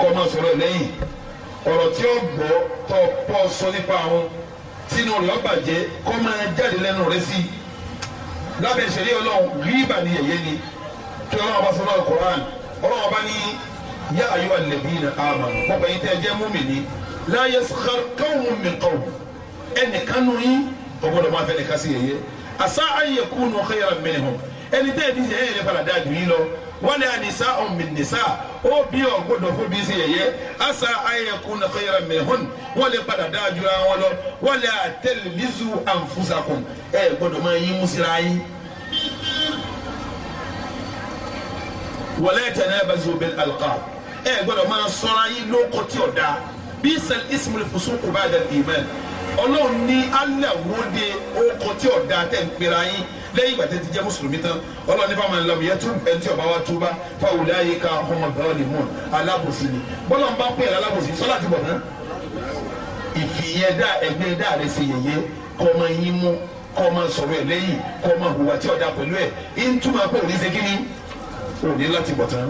kọ́ máa sọ̀rọ̀ lẹ́yìn ọ̀rọ̀ tí ó gbọ́ tọ́ pọ́ sọ nípa àwọn tínú rẹ̀ ọ̀bàjẹ́ kọ́ máa jáde lẹ́nu rẹ̀ sí i lábẹ́ ìṣẹ̀lẹ̀ ọlọ́run ríbà ni yẹ̀yẹ́ ni kí ọlọ́run bá sọ́nà koran ọlọ́run bá ní yá ayọ́ alladhina amanu wọ́n bẹ̀yìn tẹ́ jẹ́ mùmínì la yaskhar qawmun min ẹnìkan nù yín ọgbọ́dọ̀ máa fẹ́ nìkan sí yẹ̀yẹ́ asa an yakunu khayran minhum ẹni tẹ́ ẹ ti sẹ́yìn rẹ̀ padà dáa jù yín lọ wọ́n yà nìsa ọ̀mìn nìsa ó bí ọ̀ gbọ́dọ̀ fún bí sí yẹyẹ asa ayẹkùn nàkọ́ yẹra mẹ́hún wọ́n lè padà dáa ju ara wọn lọ wọ́n lè àtẹlẹ́lẹ́sù ànfúsàkùn ẹ gbọ́dọ̀ máa yín músira yín. wọlé tẹ̀lé bazu bẹ́ẹ̀ alqa ẹ gbọ́dọ̀ máa sọ́ra yín lóko tí ò dáa bí sẹ́l ismail fusuku bá dẹ̀ ìmẹ́ ọlọ́run alẹ́ wọ́n de ó tí ò dáa tẹ̀ ń pera yín lẹ́yìn ìgbà tẹ́ ti jẹ́ mùsùlùmí tán ọlọ́ni bá máa ń lọ́mọ yẹtú ẹni tí ọba wa tó bá fa wùlẹ̀ ayé ka ọmọ ìbára ni mọ̀ alábòsí ni bọ́lá ń bá pè é alábòsí sọ́lá ti bọ̀ tán. ìfìyẹ́ dá ẹgbẹ́ dá rẹ̀ ṣe yẹ̀yẹ́ kọ́ máa yín mú kọ́ máa sọ̀rọ̀ ẹ̀ lẹ́yìn kọ́ máa hùwà tí ọ̀dà pẹ̀lú ẹ̀ ń túmọ̀ pé òní ṣe kíní òní láti bọ̀ tán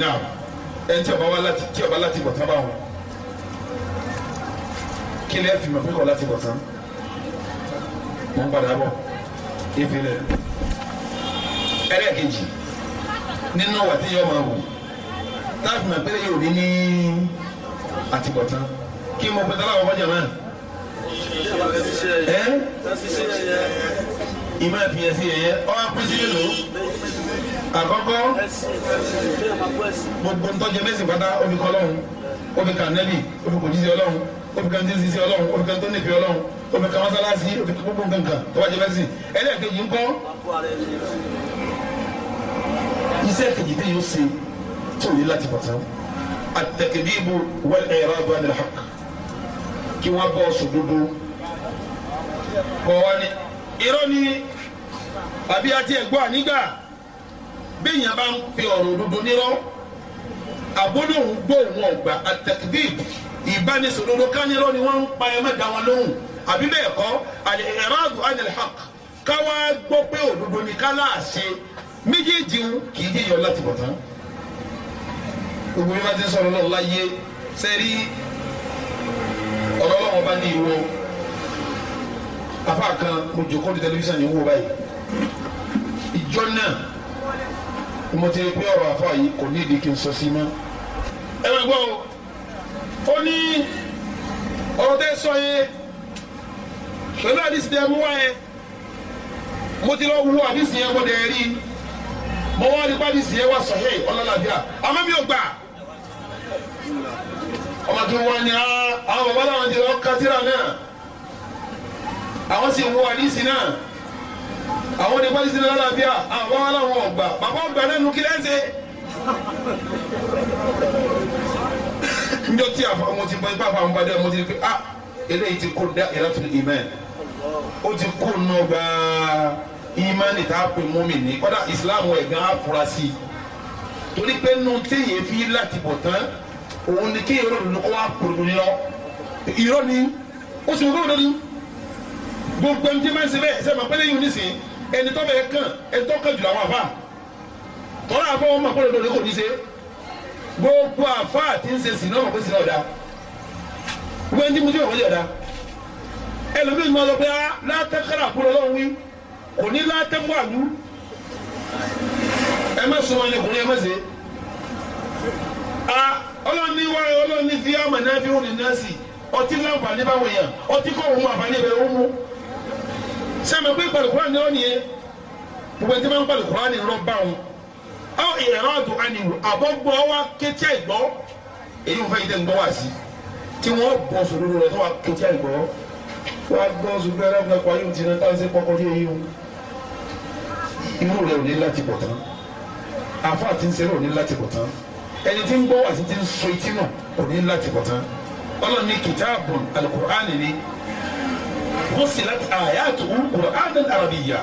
náà ẹni tí ọba wa láti tí ọba láti padà bọ̀ ìfilẹ̀ ẹlẹ́ẹ̀kejì nínú wà tí yọ máa wò táàbù náà péré yóò rí ní àtìbọ̀tán kí mo pẹ́ tálá ọmọ jàmá ẹ ìmọ̀ ìfìyà sí ẹ̀yẹ ọ́ apẹ́sí lò àkọ́kọ́ gbogbo ntọ́jẹ mẹ́sìn pátá ó fi kọ́ lọ́hùn ó fi kà nẹ́bì ó fi kò jíṣẹ́ ọlọ́hùn obìkan tí ń sisi ọlọ́run obìkan tó nífi ọlọ́run obìkan mọ́sálásí obìkan gbogbo nǹkan tó wájú mẹ́sìn ẹlẹ́ẹ̀kejì ńkọ́ iṣẹ́ kejì tí yóò ṣe tí ò ní láti bàtà àtẹ̀kẹ́dìbò wal i'radu anil haqq kí wọ́n bọ́ ọ̀sùn dúdú kọ́ wa ni irọ́ ni àbí àti ẹ̀gbọ́n ànígbà bí èèyàn bá ń pe ọ̀rọ̀ òdodo nírọ́ àgbólóhùn gbóhùn ọ̀gbà àtẹ̀kídì ìbánisòdodo kánirọ́ ni wọ́n ń pa ẹ má dá wọn lóhùn àbí bẹ́ẹ̀ kọ́ àlẹ́ ìrádùn anil haq káwá gbọ́ pé òdodo ni ká láàṣẹ méjèèjì ń kì í yíyọ láti bọ̀ tán. gbogbo bí wọ́n ti sọ̀rọ̀ lọ́wọ́ láyé sẹ́rí ọ̀rọ̀ ọlọ́wọ́n bá ní ìwọ afa kan mo jòkó ní tẹlifíṣàn yìí wò báyìí ìjọ náà mo ti pé ọ̀rọ̀ àfa yìí kò ní ìdí kí n sọ sí mọ́. ẹ máa gbọ́ o ó ní ọ̀rọ̀ tẹ́ sọ yẹn pẹ̀lú àdìsí tẹ́ mú wá yẹn mo ti lọ wo àdìsí yẹn mo dẹ̀ rí mo wá rí pàdìsí yẹn wá sọ̀hẹ́ ọlọ́làbíà àmọ́ mi ò gbà ọmọ tó wá ní ah, àwọn bàbá làwọn ti lọ kátìrà náà àwọn sì ń àdìsí náà àwọn ní pálí sílẹ̀ lálàáfíà àwọn aláwọ̀ ọ̀gbà bàbá ọ̀gbà náà nu kílẹ̀ ń ṣe. njọ́ tí àfa mo ti bá bàbá àwọn padà mo ti rí pé ah eléyìí ti kó dá ìlàtú ìmán ó ti kó nù ọgbà ìmánì tá a pè mú mi ní kọ́dà ìsìláàmù ẹ̀ gan afurasí torí pé nù téèyàn fi láti bọ̀ tán òun ni kéèyàn rò lóko wá pòròdò ní lọ ìrọ́ ni ó sì mú kó lórí gbogbo ẹni tí máa ń ṣe bẹ́ẹ̀ ṣe máa pẹ́lẹ́ yìí nísìnyí ẹni tó bẹ́ẹ̀ kàn ẹni tó kàn jù làwọn àfa tọ́lá àfa wọn máa kọ́lọ́dọ̀ ní kò ní ṣe gbogbo àfa àti ń ṣe sí náà mọ̀ pé sí náà ọ̀dà gbogbo ẹni tí mo ti mọ̀ pé sí ọ̀dà ẹlòmíì máa sọ pé ah, látẹ́kẹ́rà kúrò lọ́wọ́ wí kò ní látẹ́kọ̀ àlú ẹ má sọ wọn lẹkùnrin ẹ má ṣe ah, ọlọ́ni wá ọlọ́ni fi àmàlẹ́ fi hùn ní nọ́ọ̀sì ọtí láǹfààní báwọn èèyàn ọtí kọ̀ òun àǹfààní ibẹ̀ ó mú sẹ́mi pé gbàlùkúrán ni ó nìyẹn gbogbo ẹni tí wọ́n ń gbàlùkúrán ni lọ́ọ́ bá wọn ọ ìrànlọ́ àdùn ànìwò àbọ̀gbọ́ wa kétí àìgbọ́ èyí wọn fẹ́ yìí tẹ́ ń gbọ́ wá sí tí wọ́n bọ̀ sòrò rẹ̀ tó wà kétí àìgbọ́ wọ́n á gbọ́ sùgbọ́n ẹ̀rọ fún ẹ̀kọ́ ayélujára ti náà táwọn ṣe pọ́kọ́ lé yìí o inú rẹ̀ ò ní láti bọ̀ tán àáfàá ti ń ṣe rẹ̀ ò ní láti bọ̀ tán ẹni tí ń gbọ́ wá sí ti ń so etí náà ò ní láti bọ̀ tán ọlọ́run ní kìtáàbùn alukur'an ni fosilat ayatuhu qur'anan arabiya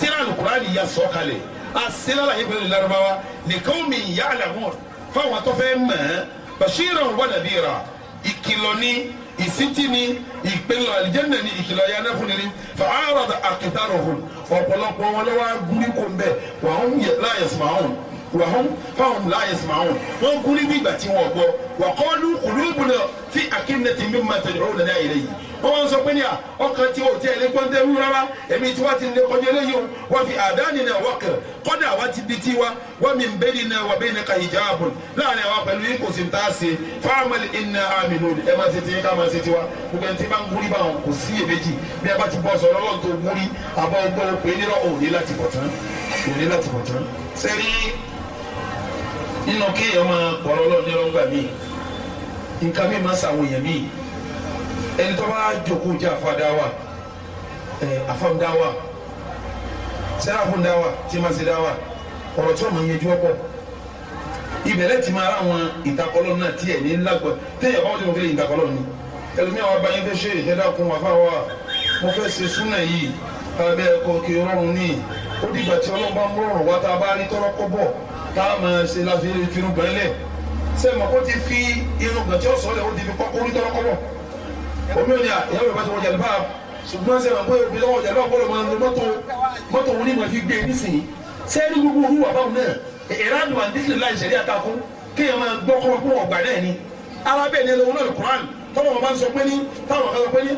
tíra alukurani ya sọ̀kalẹ̀ a sela la yẹ pẹ̀lú Lárúbáwá liqawmin ya'lamun fáwọn tó fẹ́ mọ̀ bashiran wa nadira ìkìlọ̀ ni ìsítí ni ìpinnu àlìjẹ́nà ni ìkìlọ̀ ya náfúnni ni fàárọ̀dà àkìtàrọ̀hùn ọ̀pọ̀lọpọ̀ wọn lọ́wọ́ gúrí kò ń bẹ̀ wàhún láyẹ̀sùmáhùn fa fáwọn láyẹ̀sùmáhùn wọn gúrí bí ìgbà tí wọn gbọ́ وقالوا قلوبنا في أكنة مما تدعوننا إليه wọ́n sọ pé ní à ọkàn tí o tí ẹ lè gbọ́n dẹ́rú rárá èmi tí wọ́n ti lè kọjú eléyìí o wọ́n fi àdáni náà wọ́n kẹ̀ kọ́dà wọ́n ti di tiwa wọ́n mi bẹ́ẹ̀ ni náà wọ́n bẹ́ẹ̀ ni ka hijabun láàrin àwọn pẹ̀lú yìí kò sì ń tà sí fáwọn iná àmì lòdì ẹ máa ṣe ti ká máa ṣe tiwa gbogbo ẹni tí bá ń gúrí bá wọn kò sí èméjì bí a bá ti bọ́ sọ̀rọ̀ lọ́wọ́ tó gúrí àbọ̀ ọgbọ́n òpè nílò òní láti bọ̀ tán òní láti bọ̀ tán sẹ́rí nínú kéèyàn máa pọ̀rọ̀ lọ́ọ̀ nírọ̀gbà mi nǹkan mi máa sàwọn èèyàn mi ẹni tó bá jókòó jẹ́ àfọ̀dáwà ẹ̀ àfọ̀dáwà sẹ́ráfọ̀dáwà tí máa ṣe dáwà ọ̀rọ̀ tí wọ́n máa yẹjú ọ̀pọ̀ ibẹ̀rẹ̀ ti máa ráwọn ìtakọ̀lọ́ náà tí ẹ̀ ní lágbọ̀ téèyàn bá wọ́n ti mọ̀ kéde ìtakọ̀lọ́ ni ẹlòmíràn wa bá yín fẹ́ ṣe ìṣẹ́dàkùn wà fáwa mo fẹ́ ṣe súnà yìí abẹ́ ẹ̀kọ́ kí rọrùn ní ó dìgbà tí ọlọ́ba ń rọrùn wá tá a bá rí tọ́rọ́kọ́ bọ̀ tá a máa ṣe láti finú gbẹ̀rẹ̀ lẹ̀ sẹ́mi ó ti fi irun gbẹ̀tí ọ̀sán lẹ̀ ó ti fi kọ́ orí tọ́lọ́kọ́ bọ̀ omi ò ní à ìyá yorùbá ti wọ jàlùbá ṣùgbọ́n sẹ́mi pé obì lọ́wọ́ jàlùbá gbọ́dọ̀ máa lo mọ́tò mọ́tò òun ní ìmọ̀ fi gbé nísìnyí sẹ́ni gbogbo òru wà báwọn náà ìrádùn àdìsílẹ̀ láì ṣẹ̀rí àtàkùn kéèyàn máa gbọ́ kọ́ fún ọgbà náà ni arábẹ́ ni ẹlẹ́wọ̀n náà Qur'an tọ́wọ́ wọn bá ń sọ pé ní táwọn kan sọ pé ní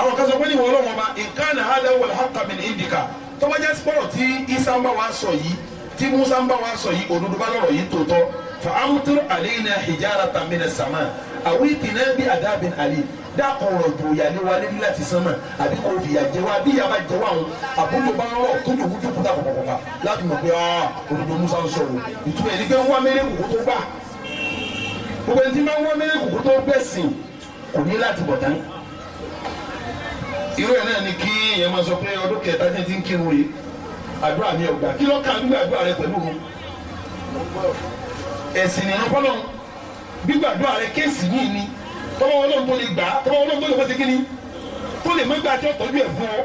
àwọn kan sọ pé ní ìwọ ọlọ́wọ́n ọba nǹkan náà hádà wọlé hàkàmì ní ìdìkà tọ́wọ́ jẹ́ spọ́ọ̀ tí isa ń wa sọ yìí tí musa ń bá wa sọ yìí òdodo bá lọ́rọ̀ yìí tó tọ́ fa amuturu aleena hijara tamina sama awi tina bi adabin ali dakọrọ dunyali wa lili láti sama àbí kò fìyà jẹ wa bí yaba jẹ wa ń àbúrò bá lọ́rọ̀ tó dùn kútu kúta kọkọkọba láti mọ̀ pé aa ah, òdodo musa ń sọ̀rọ̀ ìtumọ̀ yìí pé wọ́n mẹ́lẹ́ kòkó tó bá gbogbo ẹni tí máa ń wọ́n mẹ́lẹ́ kòkó tó bẹ́ sìn kò ní láti bọ̀ dání irú ẹ̀ náà ni kí ẹ̀ máa sọ pé ọdún kẹta tí ń kírun yìí àdúrà mi ò gbà kí ló kà ń gbàdúrà rẹ pẹ̀lú wọn ẹ̀sìn ìran fọlọ́ gbígbàdúrà rẹ kéèsì yìí ni tọ́wọ́ ọlọ́run tó lè gbà á tọ́wọ́ ọlọ́run tó lè fẹ́ ṣe kíni tó lè mọ́gbà tí ó tọ́jú ẹ̀ fún ọ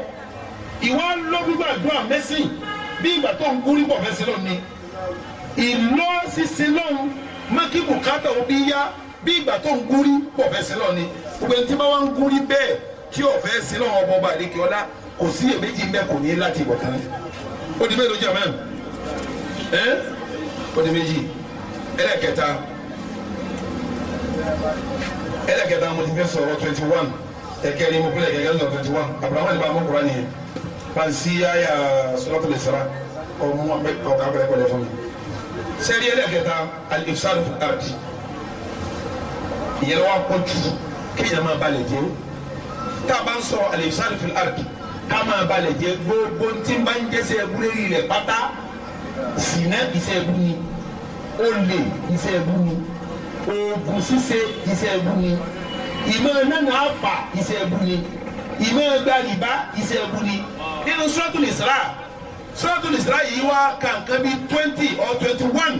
ìwà lọ gbígbàdúrà mẹ́sìn bí ìgbà tó ń gúrí pọ̀ fẹ́sẹ̀ lọ́ni ìlọ sísin lọ́hùn mọ́kì bùkátà òbí yá bí ìgbà tó ń gúrí pọ̀ fẹ́sẹ̀ lọ́ni gbogbo ẹni tí bá wà ń gúrí bẹ́ẹ̀ tí ò fẹ́ sí lọ́wọ́ ọmọ ọba àdékè ọlá kò sí èméjì ń ní láti ìbọ̀ kan ó di mélòó jàmá ẹ ó di méjì ẹlẹ́kẹta ẹlẹ́kẹta mo ti fẹ́ sọ̀rọ̀ twenty one ẹ̀kẹ́rin mo kúlẹ̀ kẹ́kẹ́ sọ̀rọ̀ twenty one àbúrò àti bàbá kura nìyẹn pansi àyà suratul Isra ọmú ọkà pẹ̀lẹ́pẹ̀lẹ́ fún mi sẹ́rí ẹlẹ́kẹta alifsar ardi ìyẹn wà pọ̀ jù kéèyàn máa balẹ̀ jẹ́ tá a bá ń sọ̀rọ̀ alifsar ardi ká máa balẹ̀ jẹ́ gbogbo tí n bá ń jẹ́sẹ̀ ẹ̀bú lérí rẹ̀ pátá sìnà iṣẹ́ ẹ̀bú ni olè iṣẹ́ ẹ̀bú ni oògùn ṣíṣe iṣẹ́ ẹ̀bú ni ìmọ̀ nánà àpà iṣẹ́ ẹ̀bú ni ìmọ̀ gba rìbá iṣẹ́ ẹ̀bú ni nínú Suratul Isra Suratul Isra yìí wá kàǹkan bíi twenty or twenty one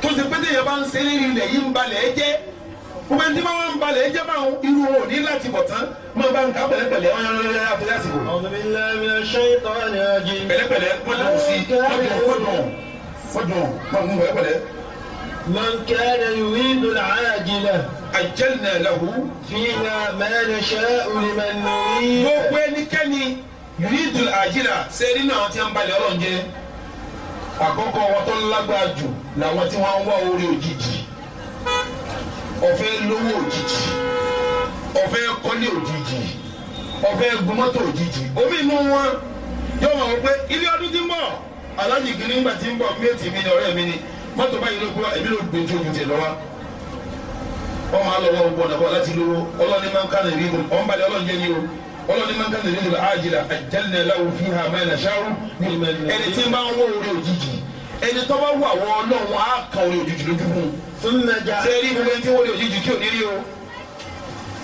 tó ti pété yẹn bá ń ṣe lérí rẹ̀ yìí ń balẹ̀ ẹ jẹ́ gbogbo ẹni tí wọ́n ń balẹ̀ ẹ jẹ́ báwọn irú wọn ò ní láti bọ̀ tán máa bá nǹkan pẹ̀lẹ́pẹ̀lẹ́ ọ̀yọ́rẹ́rẹ́ àfẹ́lẹ́ àsìkò. pẹ̀lẹ́pẹ̀lẹ́ mọ́tò sí mọ́tò fọ́dùn fọ́dùn máa mú pẹ̀lẹ́pẹ̀lẹ́. من كان يريد العاجلة عجلنا له فيها ما نشاء لمن نريد gbogbo ẹnikẹ́ni يريد العاجلة sẹ́rí náà ti ń balẹ̀ ọ̀rọ̀ jẹ́ àkọ́kọ́ wọn tó lágbára jù làwọn tí wọ́n ń wá orí òjijì ọ̀fẹ́ lówó òjijì. ọfẹ kọ́lé òjijì ọ̀fẹ́ gun mọ́tò òjijì omi inú wọn yóò mọ̀ pé ilé ọdún ti ń bọ̀ alájì kìíní ńgbà ti ń bọ̀ méjì mi ni ọ̀rẹ́ mi ni mọ́tò báyìí ló gbọ́ èmi ló gbé ju òkùtì lọ́wọ́ ọmọ alọ́wọ́ gbọ́ nàbọ̀ láti lówó máa ń ká o máa ń ká àjìlá fi nà ẹni tí ń wọ orí òjijì ẹni bá ọlọ́run á orí òjijì lójú fún un. gbogbo ẹni tí wọ́n òjijì kí ní rí o.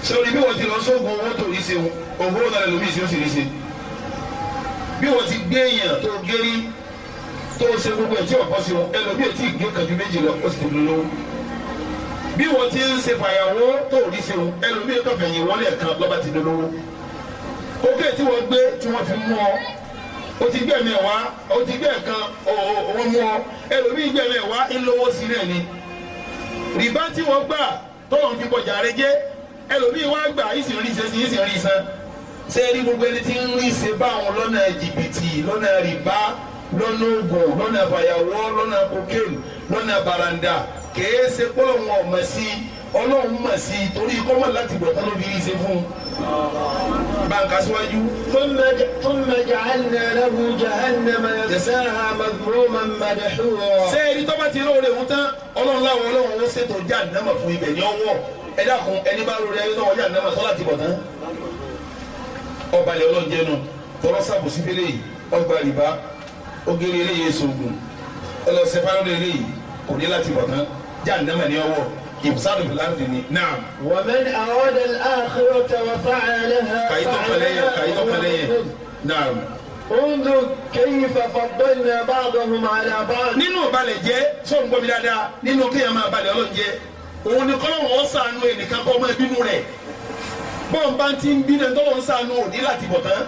sórí bí wọ́n ti lọ sóògùn owó tó rí o owó náà lómi sí ó sì rí se bí wọ́n ti gbé èèyàn tó gérí tó ṣe gbogbo ẹ̀ tí ọ̀pọ̀ sí wọn ẹlòmí ò o ì gé kàdú méjì lọ ó sì ti lówó bí wọ́n ti ń ṣe fàyàwó tó rí sí wọn ẹlòmí ò tọ̀fẹ̀ yìí wọlé ẹ̀kan lọ́ba ti lówó òkè tí wọ́n gbé tí wọ́n fi mú ọ o ti gbẹ mẹ́wàá o ti gbẹ kan ọwọ mú ọ ẹlòmí gbẹ mẹ́wàá ńlọwọ sílẹ̀ ni rìbá tí wọ́n gbà tọhún fi bọjà rẹ jẹ ẹlòmíì wá gbà yìí sì rí ṣe yìí rí san ṣé rí gbogbo ẹni tí ń rí ṣe báwọn lọ́nà jìbìtì lọ́nà rìbá lọ́nà oògùn lọ́nà fàyàwọ́ lọ́nà kokéènì lọ́nà baranda kèé ṣe pọ́lọ́wọ́n ọ̀mọ̀ sí ọlọ́run mọ̀ sí torí kọ́mọ̀ láti gbọ̀ tán ló fi rí ṣe fún un. bàǹkà síwájú. thumma ja'alna lahu jahannama yaslaha madhmuman madhura. ṣé ẹni tó bá ti lóore òun tán ọlọ́run láwọn ọlọ́run ó ṣètò jáde náà mọ̀ fún ibẹ̀ ní ọwọ́ ẹ dákun ẹni bá rọrẹ ẹni náà wọ́n yà ní ọmọ sọ́lá ti bọ̀ tán ọba ilẹ̀ ọlọ́njẹ́ nu tọrọ sábò sí fẹ́lẹ́ yìí ọgbà rìbá ogere eléyìí sògùn ọlọ́sẹ̀ fáwọn eléyìí kò ní láti bọ̀ tán já ní ọmọ ní ọwọ́ ibsadu fil ni naam. wa man arada al-akhirata wa sa'a laha. kàyítọ́ كيف فضلنا بعضهم على بعض. nínú balẹ̀ jẹ́ sọ̀rọ̀ gbọ́mi dáadáa nínú kéèyàn máa balẹ̀ ọlọ́run òun ni kọ́lọ́hún ó sànú ẹnìkan kọ́ ọmọ ìbínú rẹ̀ bọ́ọ̀n bá ti ń bínú tọ́lọ́hún sànú òní láti bọ̀ tán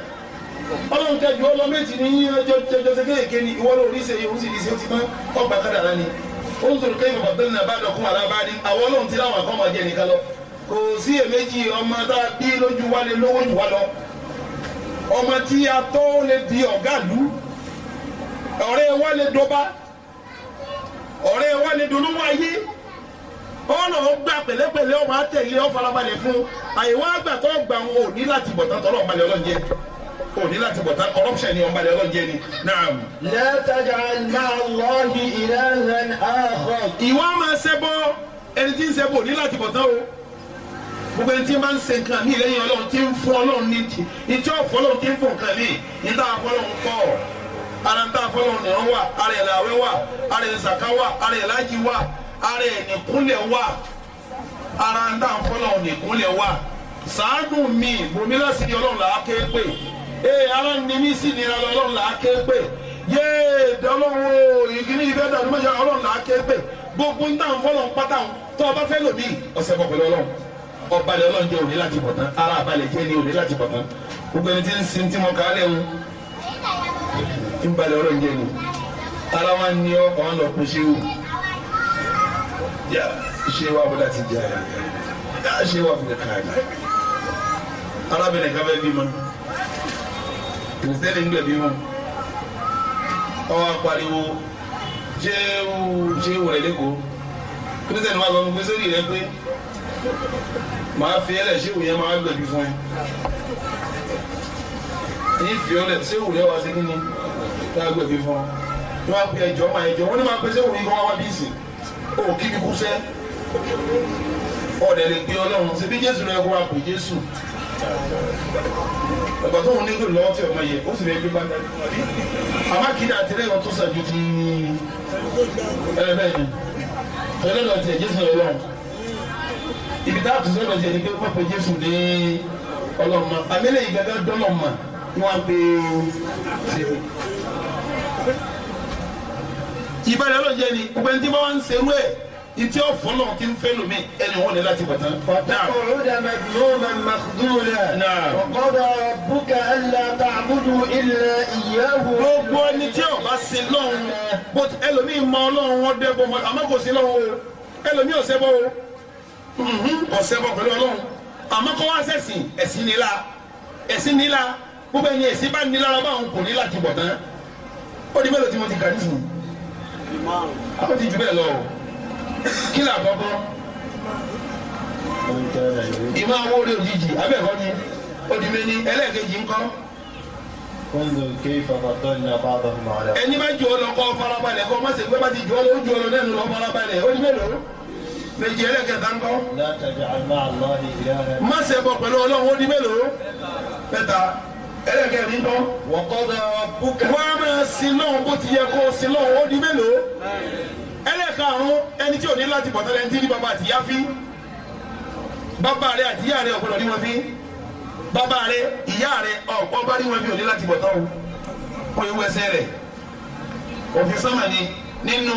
ọlọ́run kẹjọ ọlọ́mẹ́tì ní jọjọsẹ kéèké ni ìwọ ló rí ṣe òun sì rí ṣe ó ti mọ́ ọgbà kádà lánìí ó ń sọ̀rọ̀ kéèké bàbá tẹ́lẹ̀ náà bá dọ̀kún alábàádé àwọn ọlọ́run ti láwọn akọ́ máa jẹ nìkan lọ kò sí èméjì ọmọ tá a bí lójú wa lé lówó jù wá lọ ọmọ tí a tọ́ lè di ọ̀gá lù ọ̀rẹ́ wa lè dọba ọ̀rẹ́ wa lè dolówó ayé ó lọ gbà pẹ̀lẹ́pẹ̀lẹ́ ọmọ àtẹ̀lé ọ̀farabalẹ̀ fún àyẹ̀wò àgbà tó gbà wọn ò ní láti bọ̀ tán tọ́lọ́ ọ̀balẹ̀ ọlọ́jẹ́ ò ní láti bọ̀ tán corruption ni ọ̀balẹ̀ ọlọ́jẹ́ ni naam. la taj'al ma'a Allahi ilahan akhar. ìwọ máa ṣẹbọ ẹni tí ń ṣẹbọ ò ní láti bọ̀ tán o gbogbo ẹni tí máa ń ṣe nǹkan mi lẹ́yìn ọlọ́run tí ń fún ọlọ́run ní ti ìtí ọ̀fọ́ ń tá a fọ́ ọlọ́run kọ́ ara ń tá wà ara ìlàwẹ́ wà ara ìsàká wà wà ara ẹ̀ nìkúnlẹ̀ wà ara ń dàn fọlọ́ nìkúnlẹ̀ wà sàánù mi bomi lásìrí ọlọ́run là á ké pè ee ara ń nimi sí nira ọlọ́run là á ké pè yéé dọ́lọ́run o ìgbìmí ìfẹ́ dàdúmọ̀ yẹn ọlọ́run là á ké pè gbogbo ń dàn fọlọ́ pátá tó o bá fẹ́ lòmí ọ̀sẹ̀ bọ̀ pẹ̀lú ọlọ́run ọbalẹ̀ ọlọ́run jẹ́ òní láti bọ̀ tán ara àbalẹ̀ jẹ́ ní òní láti bọ̀ tán gbogbo ẹni tí ń sin tí mo kà á lẹ́wọ̀n tí ń balẹ̀ ọlọ́run jẹ́ ni ara wa ń ní ọ ọ̀hún lọ pèsè òun ya shewa bala ti ja ya ya shewa fi ka ni arábìnrin kan fẹ́ bímọ kìrìsìtẹ́nì ń gbẹ̀ bímọ ọwọ́ apariwo jéwu jéwu rẹ̀ lẹ́kọ̀ọ́ kìrìsìtẹ́nì wà lọ́mọ pé sórí rẹ pé màá fi ẹlẹ̀ ṣéwù yẹn máa gbẹ̀bí fún ẹ yìí fi ọlẹ̀ ṣéwù rẹ wá sí nínú tá a gbẹ̀bí fún ọ wọ́n á pe ẹjọ́ máa ẹjọ́ wọ́n ní máa pe ṣéwù yìí kọ́ wá wá bí ìsìn o kí ni kú sẹ́ ọ̀dẹ̀ lè gbé ọlọ́run ṣe bí jésù rẹ̀ wá pè jésù ọgbà tóun nílò lọ́wọ́ tí ọmọ yẹ ó sì fẹ́ gbé bá dájú àmọ́ kìdá àtẹlẹ́ wọn tó sàjù ti ẹlẹ́bẹ̀ẹ́ tọ́lẹ́dọ̀ tiẹ̀ jésù ọlọ́run ibi tá a tún sọ́dọ̀ tiẹ̀ ni pé wọ́n pe jésù ní ọlọ́run mọ́ àmì lẹ́yìn gẹ́gẹ́ dọ́lọ́ mọ́ ni wọ́n pe ṣe ìbẹ̀rẹ̀ ló jẹ́ ni gbogbo ẹni tí wọ́n ń serú ẹ̀ ìtí ọ̀fun náà ti ń fẹ́ lómi ẹni wọ́n ní láti bọ̀tán. fàtàkùrù dàmẹ́ lóman màkúdúrà. ọ̀kọ́dọ̀ bùkà ẹ̀là tààbùdù ilẹ̀ ìyẹ́wò. gbogbo ẹni tí ó bá sin lọ́hùn bó ẹlòmíì mọ ọlọ́hun wọn dé bọ́ àmọ́ kò sí lọ́hùn o ẹlòmíì ọ̀sẹ̀ bọ́ o ọ̀sẹ̀ bọ́ pẹ̀lú ọlọ́hun àmọ́ kọ́ wá sẹ̀sìn ẹ̀sìn nílá ẹ̀sìn nílá gbogbo ẹni ẹ̀sìn bá nílá ọ àwọn ti jù bẹ́ẹ̀ lọ o kí là kọ́kọ́ ìmọ̀ àwọn orí òjijì abẹ́ẹ̀kọ́ ni odìmẹ́ ni ẹlẹ́ẹ̀kejì ńkọ́. ẹni bá jù ọ lọ kọ́ farabalẹ̀ kọ́ má ṣe pé bá ti jù ọ lọ ó jù ọ lọ lẹ́nu lọ farabalẹ̀ ó ní mélòó méjì ẹlẹ́kẹta ńkọ́. má ṣe bọ̀ pẹ̀lú ọlọ́run ó ní ẹlẹ́kẹ̀ẹ́ mi gbọ́. wọ́kọ́dọ̀ búkà. wọ́n á máa sin náà bó ti yẹ kó sin náà ó di mélòó. ẹlẹ́karùn-ún ẹni tí ò ní láti bọ̀ tẹ́lẹ̀ ń tí ní bàbá àtìyá fi. bàbá rẹ àtìyá rẹ ọ̀pọ̀lọ̀ ní wọn fi. bàbá rẹ ìyá rẹ ọ̀pọ̀ bá ní wọn fi ò ní láti bọ̀ tán o. ó yẹ wẹsẹ̀ rẹ̀ òfin sọ́mà ni nínú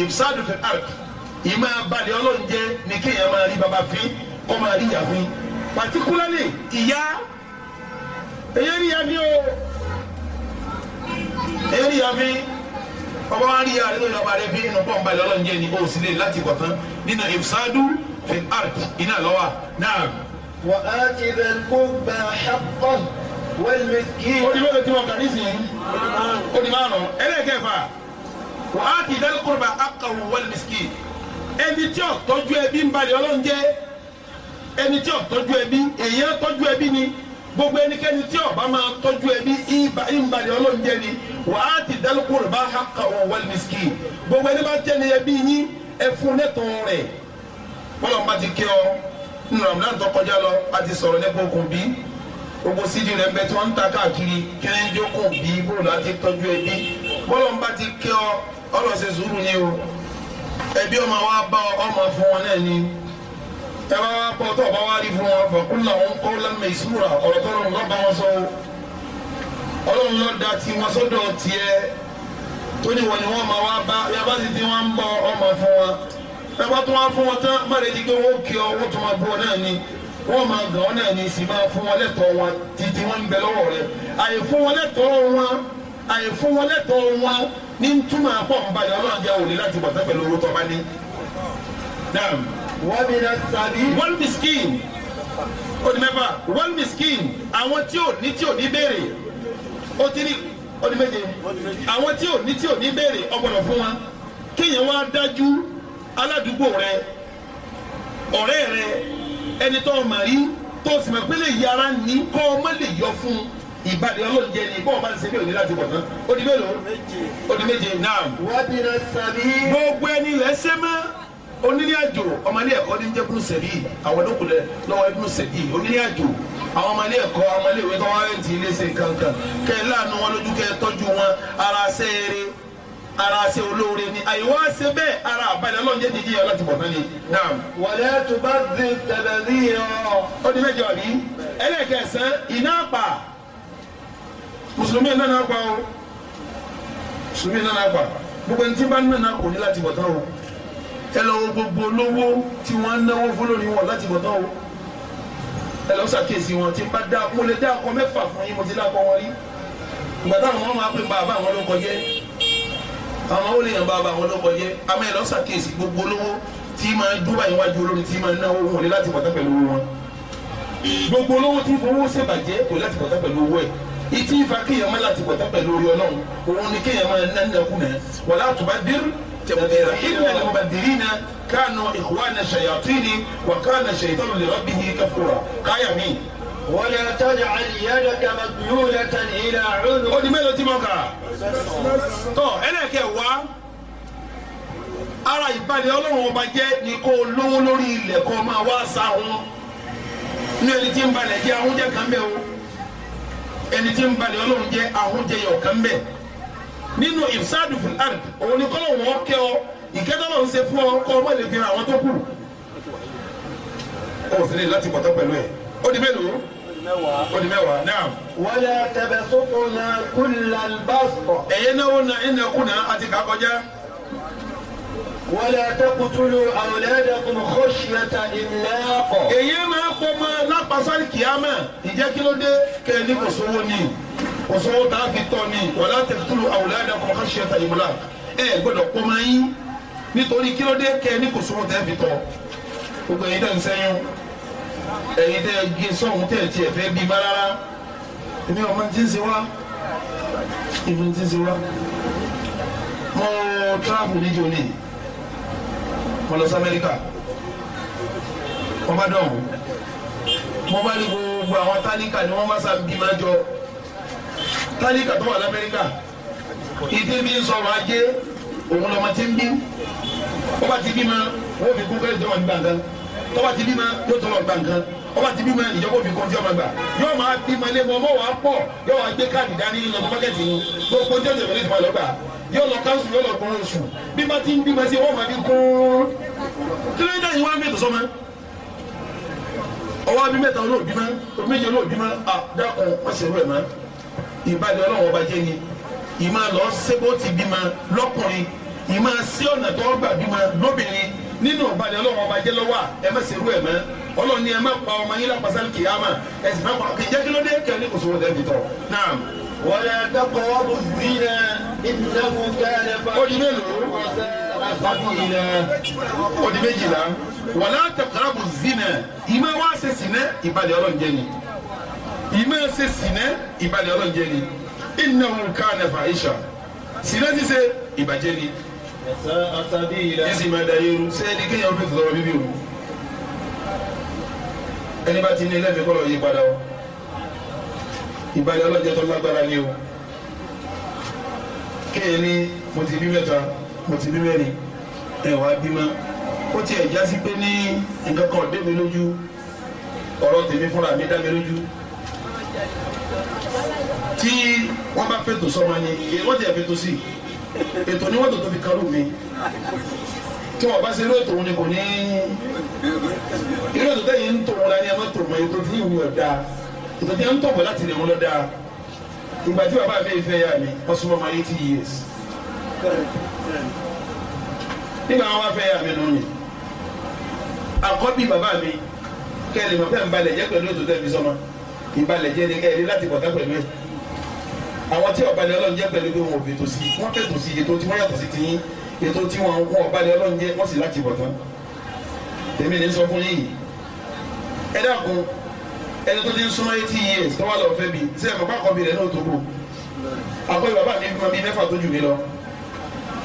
ìfisàdùfẹ́ àrùk ìmọ̀ abalẹ̀ ọlọ́run ni kéèyàn máa rí bàbá fi kọ́ máa rí ìyá fi. pàtíkúlálì ìyá èyí rí yàmi o èyí rí yàmi ọba wa rí yà nínú ìlọba rẹ bí inú pọ̀ nba ìlọ́lọ́ njẹ́ ni o sì lè láti kọ̀ tán nínú ìfisádù fi art iná lọ́wọ́ náà. wà á ti bẹ kó gba ṣàpọ̀ wẹ́lẹ̀ kí. ó di mélòó tí wọn kà nísìnyí ó di márùn ẹlẹ́gẹ̀fà wà á ti dẹ́rẹ́ kó gba akọ̀wé wẹ́lẹ̀ ẹni tí ó ẹbí ń balẹ̀ ọlọ́run jẹ́ ẹni tí ó ẹbí èyí ó ẹbí ni gbogbo ẹnikẹ́ni tí ó bá máa tọ́jú ẹbí ìbàdàn ọlọ́njẹ́ ni wà á ti dálókòrò bá ha kà wọ́n wọ́n mísíkì gbogbo ẹni bá jẹ́ ni ẹbí yín ẹ fún lẹ́tọ̀ọ́ rẹ̀ bọ́lá ń bá ti kí ọ nínú Ramadan tó kọjá lọ a ti sọ̀rọ̀ nípa okùn bí gbogbo sídi rẹ̀ bẹ tí wọ́n ń ta káàkiri kẹ́hìndínkùn bí bó láti tọ́jú ẹbí bọ́lá bá ti kí ọ ọlọ́sẹ̀ sùúrù ni o ẹbí ọmọ wa bá ọmọ fún wọn náà ni tẹ́lá wa pọ̀ tó ọba wa rí fún wọn fọ̀kún làwọn kọ́ lẹ́mẹ̀ ìṣúra ọ̀rọ̀ tó lọ́run lọ́ba wọn sọ ọlọ́run lọ́ da ti wọn sọ́dọ̀ tiẹ̀ tó ní wọn ni wọn máa wá bá yaba ti ti wọn ń bọ ọmọ fún wọn tẹ́lá tó wọn fún wọn tán má lè di pé wọn ó kí ọ wọn tó máa bú ọ náà ni wọ́n máa gàn ọ́ náà ní sì máa fún wọn lẹ́tọ̀ọ́ wọn títí wọ́n ń bẹ lọ́wọ́ rẹ̀ àyè fún wọn lẹ́tọ̀ọ́ wọn àyè fún wọn lẹ́tọ̀ọ́ wọn ní túmọ̀ àpọ̀ ń balẹ̀ ọlọ́run jẹ́ òní láti bọ̀tẹ́ pẹ̀lú owó tọ́ba ní wọ́n miskin odi mẹ́fà wọ́n skin. àwọn tí ò ní tí ò ní béèrè ó ti ní odi méje àwọn tí ò ní tí ò ní béèrè ọgbọ́dọ̀ fún wa kéèyàn wá dájú aládùúgbò rẹ ọ̀rẹ́ rẹ ẹni tó ọmọ rí tó sì mọ̀ pé lè yára ní kọ́ ọmọ lè yọ fún un ìbàdí ọlọ́run jẹ ní bọ́ọ̀ bá ń ṣe bí òní láti bọ̀ tán ó di mélòó méje náà. wọ́n ti rẹ sàbí. gbogbo ẹni rẹ mọ́ onílé àjò ọmọ ilé ẹ̀kọ́ ní jẹ́kùn sẹ̀bí àwọn olókùnrin lọ́wọ́ ẹ̀kùn sẹ̀bí onílé àjò àwọn ọmọ ilé ẹ̀kọ́ ọmọ ilé ìwé tọ́wọ́ rẹ̀ ti ilé ṣe kankan kẹ́ ẹ̀ láàánú wọn lójú kẹ́ ẹ tọ́jú wọn ara ṣe eré ara ṣe olóore ni àyíwá ṣe bẹ́ẹ̀ ara àbálẹ̀ ọlọ́run jẹ́ dídí ọlá ti bọ̀ tán ni. wọlé tó bá di tẹ̀lé ní ọ. ó di méjì ọ̀rí ẹlẹ́kẹ̀sán iná pa mùsùlùmí nana pa o mùsùlùmí nana pa gbogbo ẹni tí bá nana kò ní láti bọ̀ tán o ẹ lọ wo gbogbo olówó tí wọ́n ń náwó fún lórí wọn láti bọ̀tán o ẹ lọ ṣàkíyèsí wọn tí n bá dá mo lè dá ọkọ mẹ́fà fún yín mo ti lákọ wọn rí ìgbà táwọn ọmọ máa pè ń bá àbá àwọn ló kọjẹ àwọn ó lè yàn bá àbá àwọn ló kọjẹ àmọ́ ẹ lọ ṣàkíyèsí gbogbo olówó tí máa ń dúbà níwájú olórí tí máa ń náwó wọn lé láti bọ̀tán pẹ̀lú wọn gbogbo olówó tí fowó ṣèbàjẹ́ kò láti bọ̀tán pẹ̀lú owó ẹ̀ ìtì ìfà kéèyàn má láti bọ̀tán pẹ̀lú orí ọlọ́run òun ni kéèyàn má nánà kùnà wàlá àtúbà dérú تبديرا إن المبدلين كانوا إخوان الشياطين وكان الشيطان لربه كفورا قايا مين ولا تجعل يدك مدلولة إلى عنق. ọdún mélòó tí mo kà á. tọ́ ẹlẹ́kẹ̀ wá ara ìbàlẹ̀ ọlọ́run ọba jẹ́ ni kó o lówó lórí ilẹ̀ kó o máa wá sáhun ní ẹni tí ń ahun jẹ́ kan bẹ́ẹ̀ o ẹni tí ń balẹ̀ ọlọ́run ahun jẹ́ yọ̀ kan bẹ́ẹ̀ nínú ìfisádù fún ard òun ni kọ́lọ̀ wọ́n kẹ́ ọ ìkẹ́tọ́lọ̀ ń ṣe fún ọ kọ́ ọmọ ìlú fihàn àwọn tó kù. ó sì ní láti pọ̀tọ́ pẹ̀lú ẹ̀ ó di mélòó ó di mẹ́wàá náà. wala tabsuṭnā kulla al-bast. ẹ̀yẹ náwó na ẹ̀ náà kùnà àti kà kọjá. wala taqtulū awlādakum khashyata imlāq. èyí máa kọ́ máa lápasárì kìámà ìjẹ́kílódé kẹ́ẹ̀ ní kò sówó ní kò sówó tá a fi tọ́ ni wala taqtulu awladakum khashyata imlaq ẹ gbọ́dọ̀ kó máa yín nítorí kílódé kẹ ní kò sówó tẹ́ fi tọ́ gbogbo ẹ̀yin tẹ́ ń sẹ́yìn ẹ̀yin tẹ́ gé sọ́hún tẹ́ tiẹ̀ fẹ́ bí bá rárá èmi ọmọ ti ń ṣe wá èmi ti ń ṣe wá mo tíráàfù níjó ni mo lọ sí Amẹ́ríkà mo bá dọ̀hún mo bá ní gbogbo àwọn tálíkà ni wọ́n bá sá bí má jọ tálíkà tó wà lamẹ́ríkà ìdí bí sọ̀rọ̀ ajé òun lọ́mọ tí ń bí ó bá ti bí ma wọ́n fi kú kẹ́lẹ́ ìjọba gbà nǹkan tó bá ti bí ma yóò tó lọ gbà nǹkan ó bá ti bí ma ìjọba òfin kan tí ọmọ gbà yóò máa bí ma lé mọ ọmọ wa pọ̀ yóò wá gbé káàdì dání lọ sí mákẹ́tì yìí gbogbo tí ó jẹ́ ìrẹsì máa lọ gbà yóò lọ káńsù yóò lọ kún oṣù bí ma ti ń bí ma sí wọ́n máa bí kún kí ló ń dá ìwọ́n á mẹ́tò sọ́mọ́ ọwọ́ abí mẹ́ta olóòbí má méje olóòbí má dákun wọ́n ṣe rú ìbálẹ̀ ọlọ́run ọba jẹ́ ni ìmọ̀ lọ sébó ti bímọ lọ́kùnrin ìmọ̀ sí ọ̀nà tó gbà bímọ lóbìnrin nínú ìbálẹ̀ ọlọ́run ọba jẹ́ lọ́wọ́ ẹ má ṣerú ẹ̀ mọ́ ọlọ́run ni ẹ má pa ọmọ yín lápá sálì kìyàmà ẹ sì má pa kì í jẹ́ kí ló dé kẹ́ ní kòsòwò dẹ́bi tọ̀ náà. wala taqrabu zina innahu kana fàkìlà. ó di méjìlá wala taqrabu zina ìmọ̀ wá ṣe sìnẹ́ ìbálẹ̀ ọlọ́run jẹ́ ni ìmọ̀ ẹsẹ̀ sinẹ́ ìbalẹ̀ ọlọ́njẹ́ ni iná ń ká nàfà ìṣà sinẹ́ ti ṣe ìbàjẹ́ ni. ìsìn máa da yẹru sẹ́ni kéèyàn fi tọ̀tọ̀ bíbí o ẹni bá ti ní ẹlẹ́mi kọ́ lọ yí padà o ìbalẹ̀ ọlọ́njẹ́ tó lágbára ni o kéèyàn ní mo ti bí mẹ́ta mo ti bí mẹ́rin ẹ̀wà bímọ ó tiẹ̀ já sí pé ní nǹkan kan ọ̀dẹ́ mi lójú ọ̀rọ̀ tèmi fúnra mi dá mi lójú tí wọ́n bá fètò sọ́mọ ni wọ́n ti ẹ̀ fètò sí ètò ni wọ́n tó tóbi karù mi tí wọ́n bá ṣe lóòótọ́ òun ni kò ní irú ètò tẹ́yìn ń tó wọn la ni ẹ má tó mọ ètò tí ìwú ẹ̀ dá ètò tí ẹ ń tọ̀bọ̀ láti rìn wọn lọ dá ìgbà tí bàbá mi fẹ́ yà mí wọ́n súnmọ́ ma eighty years nígbà wọn wá fẹ́ yà mí nù mí àkọ́bí bàbá mi kẹ́lẹ́ mọ̀ fẹ́ ń balẹ̀ jẹ́ pẹ̀lú ètò tẹ́ fi sọ́mọ́ ìbalẹ̀ jẹ́ ni kẹ́ẹ̀rí láti kọ̀tà pẹ̀lú ẹ̀ àwọn tí ọ̀balẹ̀ ọlọ́run jẹ́ pẹ̀lú pé wọn ò fètò sí wọ́n fètò sí ètò tí wọ́n yàtọ̀ sí tiyín ètò tí wọn wọn ọ̀balẹ̀ ọlọ́run jẹ́ wọ́n sì láti bọ̀tán èmi ní sọ fún yín yìí ẹ dákun ẹni tó ti ń súnmọ́ eighty years tó wà lọ fẹ́ mi sí ẹ̀ bàbá àkọ́bí rẹ̀ náà tó kù àkọ́bí bàbá mi ọmọ mi mẹ́fà tó jù mí lọ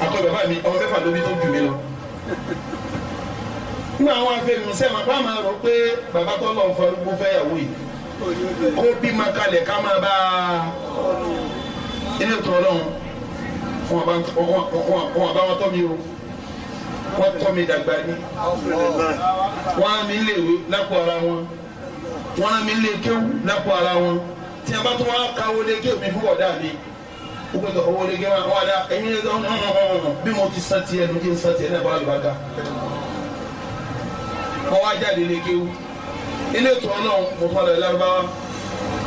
àkọ́bí bàbá mi ọmọ mẹ́fà lóbi tó jù mí lọ nínú àwọn afẹ́mi sẹ́ẹ̀ bàbá máa rò pé bàbá tó lọ fọ arúgbó fẹ́yàwó yìí kó bímọ kalẹ̀ ká máa bá ilé tó lọ́wọ́ wọn àbá wọn tọ́ mi o wọn tọ́ mi dàgbà ni wọn á mi lè wé lápò ara wọn wọn á mi lè kéwù lápò ara wọn tí a bá tún wọn ká wọlé kéwù mi fún ọ̀dà mi wọ́n tọ̀ owó lẹ́gẹ́ wọn wá dá ẹ̀yin lẹ́gẹ́ wọn bí mo ti sàn tiẹ̀ ló ti sàn tiẹ̀ náà bá lùbáka wọ́n wá jáde lẹ́gẹ́ wọn ilé ètò ọlọ́run mo padà lágbára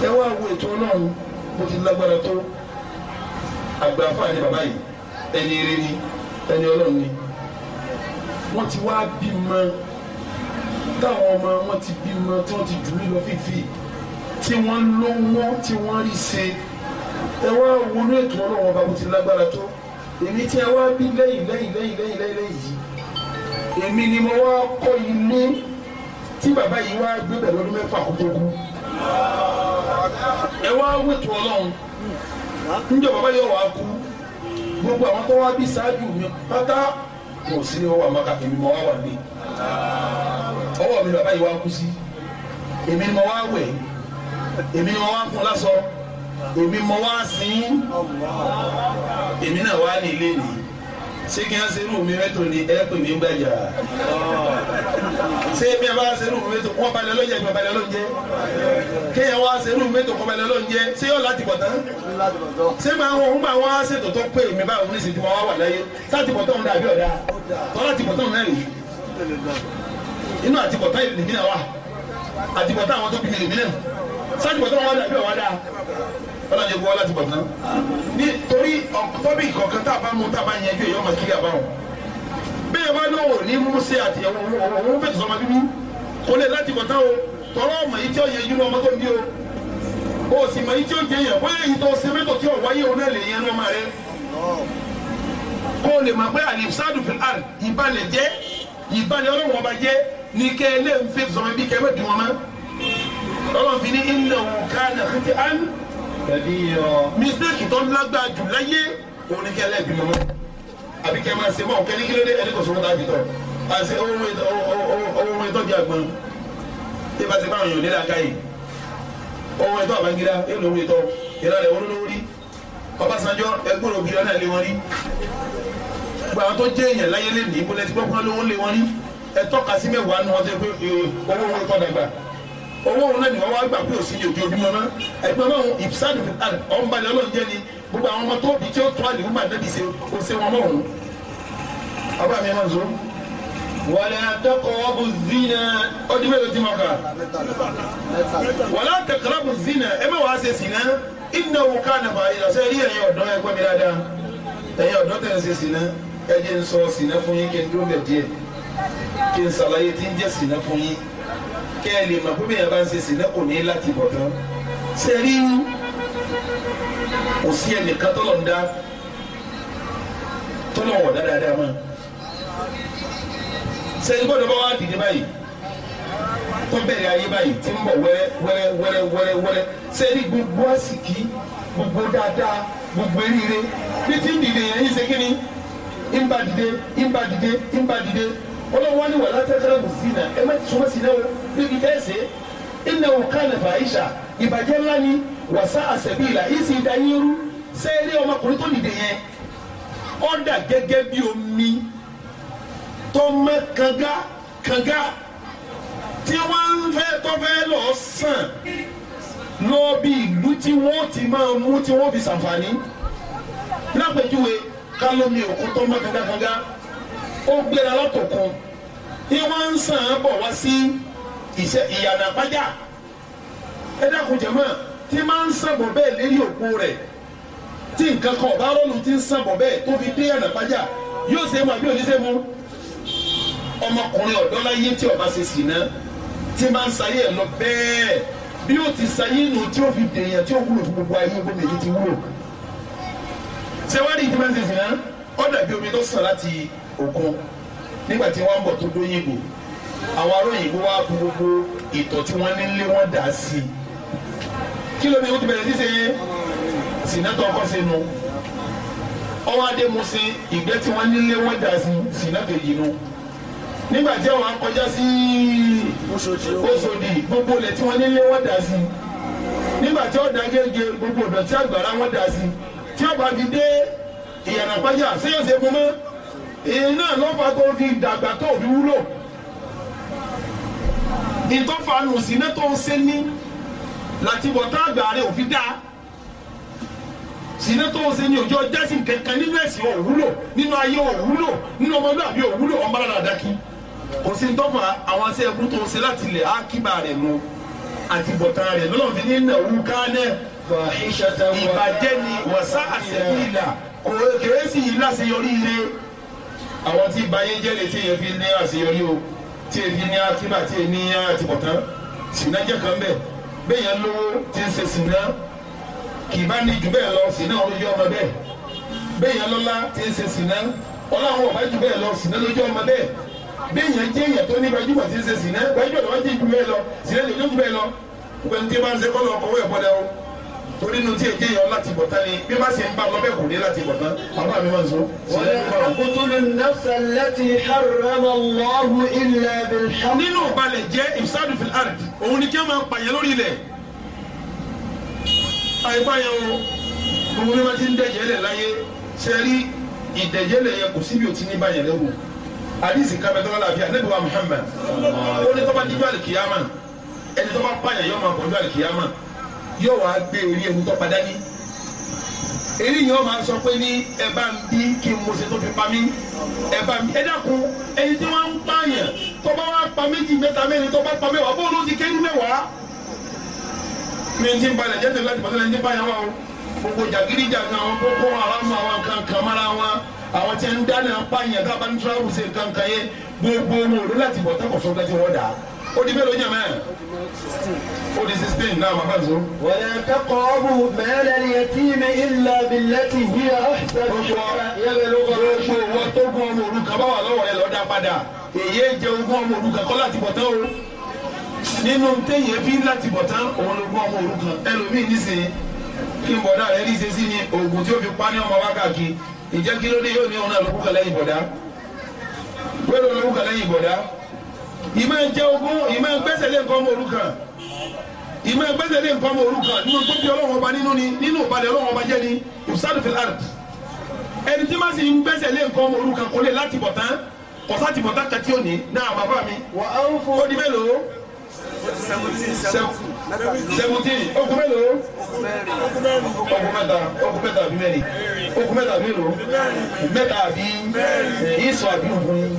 ẹ wá wo ètò ọlọ́run bó ti lágbára tó àgbà fáàní bàbá yìí ẹni eré ni ẹni ọlọ́run ni wọ́n ti wá bímọ táwọn ọmọ wọn ti bímọ tí wọ́n ti jù mí lọ fífi tí wọ́n lówó tí wọ́n rí ṣe ẹ wá wọnú ètò ọlọ́run ọba bó ti lágbára tó èmi tí ẹ wá bí lẹ́yìn lẹ́yìn lẹ́yìn lẹ́yìn lẹ́yìn yìí èmi ni mo wá kọ́ ilé. tí bàbá yìí wá gbé bẹ̀rẹ̀ ọdún mẹ́fà kókó kú ẹ wá wètò ọlọ́run níjọ bàbá yìí wà á kú gbogbo àwọn tó wá bí ṣáájú mi pátá kò sí ọwọ́ mi wá wà ọwọ́ mi bàbá yìí wá kú sí èmi ni wá wẹ̀ èmi wá fún lásọ èmi wá èmi ṣé kí n ṣerú mi mẹ́tò ni ẹ pè mí gbàjà ṣé bí a bá mi mẹ́tò wọ́n balẹ̀ ló jẹ́ ìgbà balẹ̀ ló ń kéèyàn wá ṣerú mi mẹ́tò kọ́ balẹ̀ ló ń jẹ́ ṣé yóò láti bọ̀ tán ṣé máa ń wọ́n máa wá ṣètò tó pè mí báwo ní ìsìnkú wọn wà láyé sáà ti bọ̀ tán dàbí ọ̀dà tọ́ láti bọ̀ tán náà rèé inú àtibọ̀tá ìlú mi náà wà àtibọ̀tá àwọn tó bí mi lè mí náà sáà ti bọ̀ tán wọn dàbí ọ̀wá ọlọ́run jẹ́ gbọ́ láti bàtà nítorí tọ́bí kọ̀ọ̀kan tá a bá mú tá a bá yanjú èyí ọmọ kílíà báwọn bẹ́ẹ̀ bá lọ́wọ́ ní musa àti òun fẹ́ sọ́mọ bíbí kò lè láti bàtà o tọ́lọ́ ọmọ yìí tí ó yanjú ní ọmọ tó ń bí o o sì mọ yìí tí ó jẹ yẹn wọ́n yẹ yìí tó ṣe mẹ́tò tí ò wáyé òun náà lè yẹn ọmọ rẹ kó o lè mọ̀ pé àlìsádù fìlàn ìbalẹ̀ jẹ́ ìbalẹ̀ ọlọ́wọ́n ọba jẹ́ ní kẹ́ ẹ lé ń fẹ́ sọ́mọ bí kẹ́ ẹ bẹ́ẹ̀ dùn wọn mọ́ ní ìnáwó ká mistake tó lágbára jù láyé òun ni kí ẹlẹ́ bímọ àbí kí ẹ máa ṣe mọ́ ọ̀kẹ́ ní kílódé ẹni kò sọ́wọ́ tá a fi tọ̀ àti ohun ìtọ́jú àgbọn tí bá ti bá àwọn èèyàn nílẹ̀ àkáyè ohun ìtọ́ àbángídá èlò ohun ìtọ́ ìlànà olólórí Ọbásanjọ́ ẹgbọ́n òbí ọ̀nà lé wọn rí gbogbo àwọn tó jẹ́ èèyàn láyé lé ní ìbúlẹ̀ tí gbọ́kúnlé wọn lé wọn rí ẹ tọ́ka sí mẹ́wàá wọn tó pé owó wọn dàgbà owó òun náà ni wọ́n wá gbà kúrò sí ìdí ojoojúmọ́ náà ẹgbẹ́ náà ìfisàdì ọ̀nbalẹ̀ ọlọ́run jẹ́ ni gbogbo àwọn ọmọ tóbi tí ó tó àlè wúmà débi ṣe ó ṣe wọn mọ́ òun. ọba mi máa ń sọ. wàlẹ̀ àtọkọ̀ ọ̀bù zina ọdún mélòó ti máa kà. wàlẹ̀ àtọkọ̀ ọ̀bù zina ẹ má wàá ṣe sìnà iná wò ká nàfà ìlọsẹ̀ rí ẹ̀yin ọ̀dọ́ ẹgbẹ́ mi dáadáa ẹ̀yin ọ̀dọ́ tẹ̀ ń ṣe sìnà ẹ jẹ́ ń sọ sìnà fún yín kí n dúró bẹ̀ díẹ̀ kí n ṣàlàyé tí ń jẹ́ sìnà fún yín kẹ́ ẹ lè mọ̀ pé bẹ́ẹ̀ bá ń ṣe sìnà kò ní láti bọ̀ tán ṣe rí kò sí ẹnìkan tọ́lọ̀ ń dá tọ́lọ̀ wọ̀ dáadáa mọ́ ṣe ní gbọ́dọ̀ bá wà dìde báyìí tó bẹ̀rẹ̀ ayé báyìí tí ń bọ̀ wẹ́rẹ́ wẹ́rẹ́ wẹ́rẹ́ wẹ́rẹ́ wẹ́rẹ́ ṣe ní gbogbo àsìkí gbogbo dáadáa gbogbo eríire bí tí ń dìde yẹn ń ṣe kí ni ń bá dìde ń bá dìde ń bá dìde ọlọ́wọ́n ni wàlá tẹ́tẹ́rẹ́ bù sí náà ẹ má ti sọmọ́ sí náà bíbi tẹ́sẹ̀ ìnà òkà nàfà àyíṣà ìbàjẹ́ ńlá ni wàsá àṣẹ̀bíìlà ìsì ìdáyẹrú sẹ́ẹ̀rí ọmọkùnrin tó nìdè yẹn ó dà gẹ́gẹ́ bí omi tó mọ́ kanga kanga tí wọ́n ń fẹ́ tó lọ sàn lọ bí ìlú tí wọ́n ti máa mú tí wọ́n fi ṣàǹfààní lápẹ̀júwe ká lómi òkú tó mọ́ kanga kanga ó gbéra lọ́tọ̀ kan ní wọ́n ń sàn án bọ̀ wá sí ìyànà pàjá ẹ dákun jẹ̀mọ́ tí máa ń sàn bọ̀ bẹ́ẹ̀ lérí òkú rẹ̀ tí nǹkan kan ọ̀bá rọ́ọ̀lù ti ń sàn bọ̀ bẹ́ẹ̀ tó fi dé ìyànà pàjá yóò ṣe é mu àbí òní ṣe é mu ọmọkùnrin ọ̀dọ́ láyé tí ọba ṣe sì ná tí máa ń sayé ẹ̀ lọ bẹ́ẹ̀ bí ó ti sayé nù tí ó fi dèèyàn tí ó wúlò fún gbogbo ayé gbogbo èyí ti wúlò ṣé wá ní ìdí máa ń ṣe sì ná ọ̀dà bí omi tó sàn láti òkun nígbà tí wọ́n ń tó dóyìnbó àwọn aróyìnbó wá bu gbogbo ìtọ̀ tí wọ́n nílé wọ́n dà sí i kí ló ní o ti bẹ̀rẹ̀ sí ṣe sinatọ̀ ọkọ̀ sínú ọwọ́ adé mu sí ìgbẹ́ tí wọ́n nílé wọ́n dà sí sinatọ̀ yìí nígbà tí àwọn akọjá sí Òṣòdì gbogbo ilẹ̀ tí wọ́n nílé wọ́n dà sí nígbà tí ọ̀dà gẹ́gẹ́ gbogbo ọ̀dọ̀ tí àgbàrá wọ́n dà sí tí ọba fi dé ìyànà sí yóò ṣe fún mọ́ iná lọ́fà tó fi dàgbà tó fi wúlò ìtọ́fà nù sínú tó ń ṣe ní láti bọ̀ tá àgbà rẹ̀ òfin dá sínú tó ń ṣe ní òjò jásí kankan nínú ẹ̀sìn òwúlò nínú ayé òwúlò nínú ọmọlúwàbí òwúlò ọmọ alára dákì kò sí ìtọ́fà àwọn aṣẹ́ ẹkú tó ń ṣe láti ilẹ̀ ákíbà rẹ̀ mu àti bọ̀tà rẹ̀ lọ́nà fi ní ìnáwó kánẹ́ ìbàjẹ́ ni wàsá àṣẹ ìlà kò kérésì ìlà ṣe yọrí ire àwọn tí bayé jẹ́ lè tí èyàn fi ní àṣeyọrí o tí èyàn fi ní akíbà tí èyàn ní àtìpọ̀tán sìnà jẹ́ kan bẹ́ẹ̀ bẹ́ẹ̀ yẹn lówó ti ń ṣe sìnà kì í bá ní jù bẹ́ẹ̀ lọ sìnà olójú ọmọ bẹ́ẹ̀ bẹ́ẹ̀ yẹn lọ́lá ti ń ṣe sìnà ọlọ́run ọ̀bá jù bẹ́ẹ̀ lọ sìnà lójú ọmọ bẹ́ẹ̀ bẹ́ẹ̀ yẹn jẹ́ èyàn tó ní gbajúmọ̀ ti ń ṣe sìnà gbajúmọ̀ lọ́wọ́ jù bẹ́ẹ̀ lọ sìnà lójú bẹ́ẹ̀ lọ torí inú tí èké yọ láti bọ̀ tán ni bí má ṣe ń bá ọmọbẹ kò ní láti bọ̀ tán bàbá mi máa ń sọ. wala taqtulu an-nafsa allati harrama Allahu illa bil-haqq. nínú balẹ̀ jẹ́ ifsadu fil ard òun ni kí wọ́n máa pààyàn lórí ilẹ̀ àìpáyà o gbogbo bí wọ́n ti ń dẹ̀jẹ̀lẹ̀ láyé sẹ́rí ìdẹ̀jẹ̀lẹ̀ yẹn kò síbi òtí ní báyẹn lẹ́wọ̀ àdìsí kábẹ́tọ́ yóò wá gbé orí ẹni tó padà ní. eré yìí máa sọ pé ní ẹ bá ń bí kí n mo ṣe tó fi pa mí ẹ bá ń bí ẹ dákun ẹni tí wọ́n ń pààyàn tó bá wá pa méjì mẹ́ta mẹ́rin tó bá pa mẹ́wàá bóun ló ti kéré mẹ́wàá. mi ti ń balẹ̀ jẹ́tẹ̀lẹ́ láti pàṣẹ lẹ́ni báyà wà o gbogbo jàgídí jàgan àwọn kókó aláwọ̀ àwọn kan kan wọn àwọn tí ń dáná pààyàn dábàá ní tíráwù ṣe kankan yẹn gbogbo ó di mélòó jẹ̀mẹ́ ó di sixteen náà màá fàzó. wala taqrabu mal al-yatimi illa billati hiya ahsan. gbogbo wọn tó gun ọmọ òrukàn bá wà lọ́wọ́ rẹ lọ́dá padà èyí jẹun gun ọmọ òrukàn kọ́ láti bọ̀ tán o nínú téèyàn fi láti bọ̀ tán òun ló gun ọmọ òrukàn ẹlòmíì nísìnyí kí n bọ̀dá rẹ ní sẹ́sí ni oògùn tí ó fi pa ní ọmọ wákàkí ìjẹ́ kí ló dé yóò ní òun náà lókùkà lẹ́yìn bọ̀dá wẹ́rẹ́ lókùkà lẹ́yìn bọ̀dá ìmọ̀ jẹ ogún ìmọ̀ gbẹ́sẹ̀ lé nǹkan ọmọ òrukàn ìmọ̀ gbẹ́sẹ̀ lé nǹkan ọmọ òrukàn nínú tó fi ọlọ́wọ́n ọba nínú ni nínú ìbalẹ̀ ọlọ́wọ́n ọba jẹ́ ni ìfúsàdù fìlàrd ẹni tí má sì ń gbẹ́sẹ̀ lé nǹkan ọmọ òrukàn kò lè láti bọ̀ tán kọ̀sá ti bọ̀ tán kàtí òní náà bàbá mi. ó di mélòó seventeen okùn mélòó okùn mẹ́ta okùn mẹ́ta àbí mẹ́rin okùn mẹ́ta àbí mélòó mẹ́ta bi. ìsọ àbí ògùn.